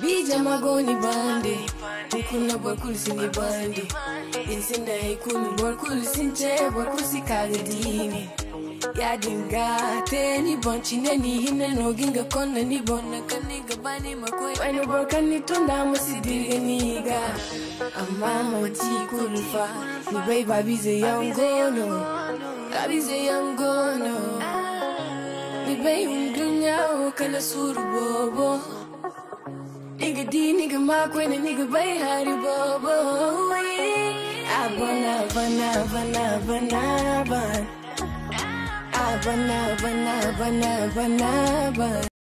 bija magoni bande kunna borkul sini bande insinda hay kun borkul sinche borkul sikaga dini ya dinga teni boncine ni hinna no ginga kona ni bonna kani gabani makoi wani borkan ni tunda musi dirga ni ga amma manti kulfa ni bai babi ze yangono babi yangono kala suur boobo Niga di niga maa kwene niga bay hari boobo Abana abana, abana, abana, abana. Abana abana, abana, abana, abana.